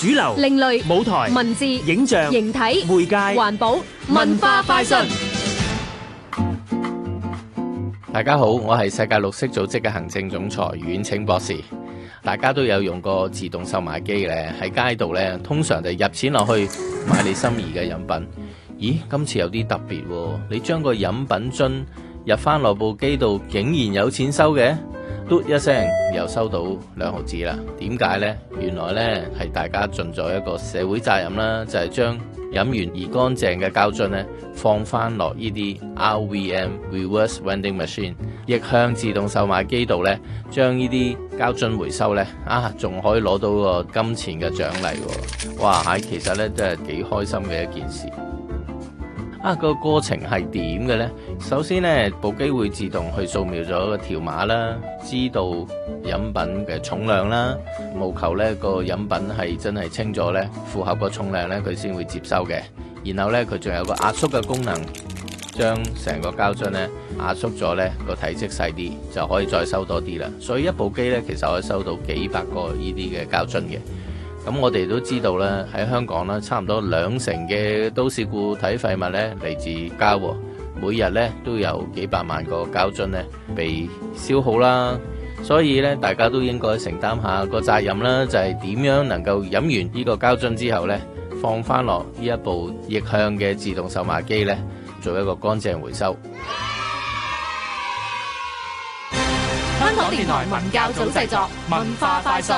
主流、另類舞台、文字、影像、形體、媒介、環保、文化、快訊。大家好，我係世界綠色組織嘅行政總裁阮清博士。大家都有用過自動售賣機咧，喺街度咧，通常就入錢落去買你心儀嘅飲品。咦，今次有啲特別，你將個飲品樽入翻落部機度，竟然有錢收嘅？嘟一聲又收到兩毫紙啦，點解呢？原來呢，係大家盡咗一個社會責任啦，就係將飲完而乾淨嘅膠樽呢放翻落呢啲 RVM reverse vending machine 逆向自動售賣機度呢，將呢啲膠樽回收呢，啊，仲可以攞到個金錢嘅獎勵喎！哇，係其實呢，真係幾開心嘅一件事。啊，個過程係點嘅呢？首先呢部機會自動去掃描咗個條碼啦，知道飲品嘅重量啦。務求呢，呢個飲品係真係清咗呢，符合個重量呢，佢先會接收嘅。然後呢，佢仲有個壓縮嘅功能，將成個膠樽呢壓縮咗呢個體積細啲，就可以再收多啲啦。所以一部機呢，其實可以收到幾百個呢啲嘅膠樽嘅。咁我哋都知道啦，喺香港咧，差唔多兩成嘅都市固體廢物咧嚟自膠，每日咧都有幾百萬個膠樽咧被消耗啦，所以咧大家都應該承擔下個責任啦，就係點樣能夠飲完呢個膠樽之後咧，放翻落呢一部逆向嘅自動售賣機咧，做一個乾淨回收。香港電台文教組製作文化快訊。